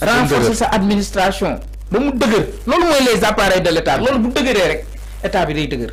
renforcer sa administration ba mu dëgër loolu mooy les appareils de l' état loolu bu dëgëree rek état bi day dëgër.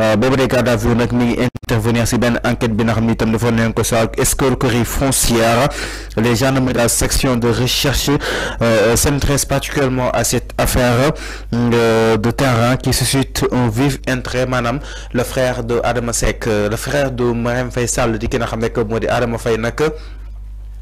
Euh, boobu des cas mi intervenir si ben enquête bi nga xam de itam dafa neen ko foncière les gens de la section de recherche euh, s'intéressent particulièrement à cette affaire euh, de terrain qui suscite un vif intérêt Madame. le frère de Adama Seck le frère de Marem Faisal, le di ki nga xam ne de Adama Faye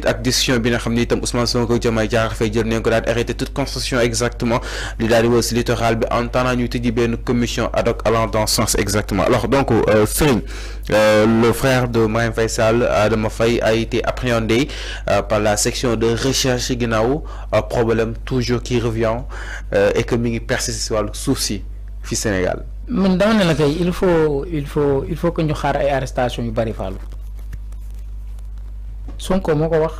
suite ak décision bi nga xam ne Ousmane Sonko Diomaye Diakhar Faye jël nañ ko arrêté toute construction exactement li daal littoral en tenant ñu tëjji une commission ad hoc allant dans ce sens exactement alors donc euh, Serigne euh, le frère de Marième Faye Adam Faye a été appréhendé euh, par la section de recherche un problème toujours qui revient et que mingi persiste si le souci fi Sénégal. il faut il faut il faut que ñu xaar ay arrestation yu bari Sonko moo ko wax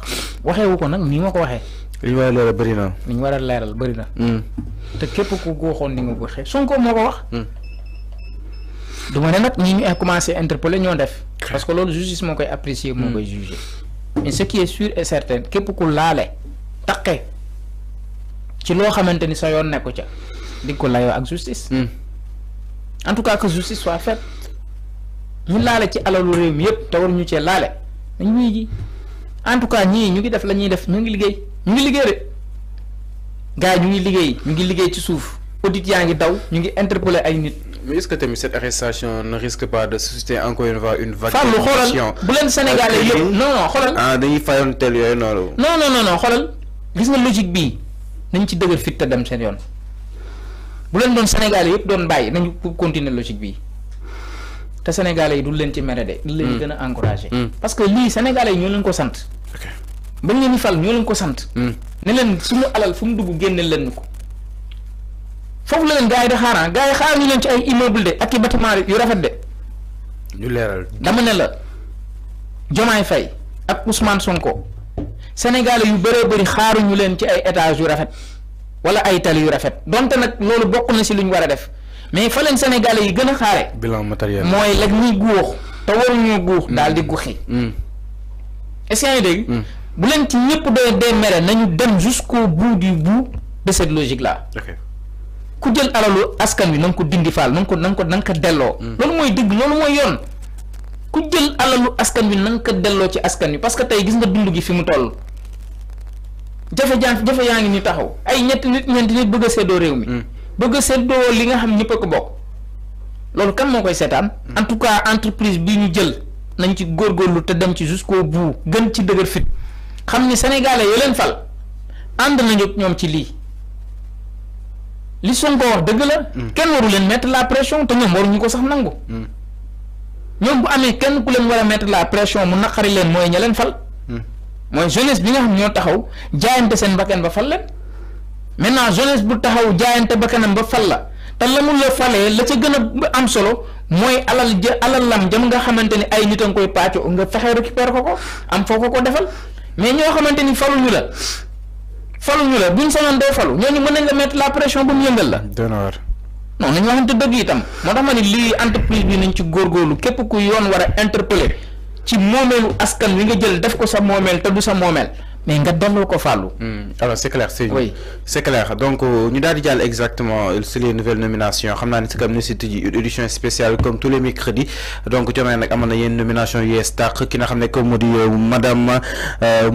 waxeewu ko nak ni ma ko waxee. li ñu war a leeral bëri na. li ñu war a leeral bëri na. Hmm. te képp ku waxoon ni nga ko waxee Sonko moo ko wax. Hmm. du duma ne nak ñi ñu commencé interpeller ñoo def. parce que lolu justice mo koy apprécier mo hmm. koy juger. mais ce qui est sûr et certain képp ku laalé taqe ci loo xamante ni sa yoon nekku ca di ko layo ak justice. en tout cas que justice soit faite ñu laalé ci alalu réew mi yépp te ñu ci laalé dañ wuy ji en tout cas ñi ñu ngi def la def ñu ngi liggéey ñu ngi de ñu ngi ñu ngi mais est-ce que cette arrestation ne risque pas de susciter encore une fois une vague. non non ah non non non non gis logique bii nañ ci dëgër fit te dem seen yoon bu leen doon Sénégalais continuer logique te sénégalais yi du leen ci mere de. du leen mm. gën a encouragé. Mm. parce que lii sénégalais yi ñoo leen ko sant. ba leen di fal ñoo leen ko sant. Mm. ne leen suñu alal fu mu dugg génne leen ko foofu la leen gars yi di xaaraan ah. gars yi xaar ñu leen ci ay immeuble de ak i yu rafet de. ñu leeral dama ne la Diomaye Faye ak Ousmane Sonko sénégalais yu bëree bëri xaaruñu leen ci ay étages yu rafet wala ay tali yu rafet donte nag loolu bokk na si lu ñu war a def. mais fa leen sénégalais yi gën a xaare bilan matériel mooy lag ñuy guux te waruñoo guux daal di guxi mm. est-ce mm. bu leen ci ñëpp doy dee mere nañu dem jusqu'au bout du bout de cette logique là ku jël alalu askan wi na ko dindi faal na ko na ko na nga delloo mm. loolu mooy dëgg loolu mooy yoon ku jël alalu askan wi na nga ko delloo ci askan wi parce que tey gis nga dund gi fi mu toll jafe jaan jafe yaa ngi ni taxaw ay ñetti nit ñeenti nit bëgg a séddoo réew mi bëgg a seddoo li nga xam ñëpp a ko bokk loolu kan moo koy seetaan hmm. en tout cas entreprise bi ñu jël nañ ci góorgóorlu te dem ci jusqu'au bout gën ci dëgër fit xam ni sénégalais yi leen fal ànd nañu ñoom ci lii li Sonko wax dëgg la hmm. kenn waru leen mettre la pression te ñoom waruñu ko sax nangu hmm. ñoom bu amee kenn ku leen war a la pression mu naqari leen mooy ña leen fal mooy jeunesse bi nga xam ñoo taxaw jaayante seen bakkan ba fal leen maintenant jeunesse bu taxaw jaayante ba kanam ba fal la te la mu la falee la ca gën a am solo mooy alal ja alal lam jëm nga xamante ni ay nit a ngi koy pàccoo nga fexe récupérer ko ko am foo ko ko defal mais ñoo xamante ni faluñu la faluñu la buñ sañoon doo falu ñooñu mën nañ la mettre la pression ba mu yëngal la. non nañ waxante dëgg itam moo tax ma ni lii entreprise bi nañ ci góorgóorlu képp ku yoon war a interpeller ci moomeelu askan wi nga jël def ko sa moomeel te du sa moomeel. mais nga ko hmm. alors c'est clair c'est oui c'est clair donc euh, ñu daal di jall exactement euh, sur les nouvelles nominations comme naa ni une édition spéciale comme tous les mercredis donc coono nak amoon na nomination yes tak ki nga xam ne comme euh, madame.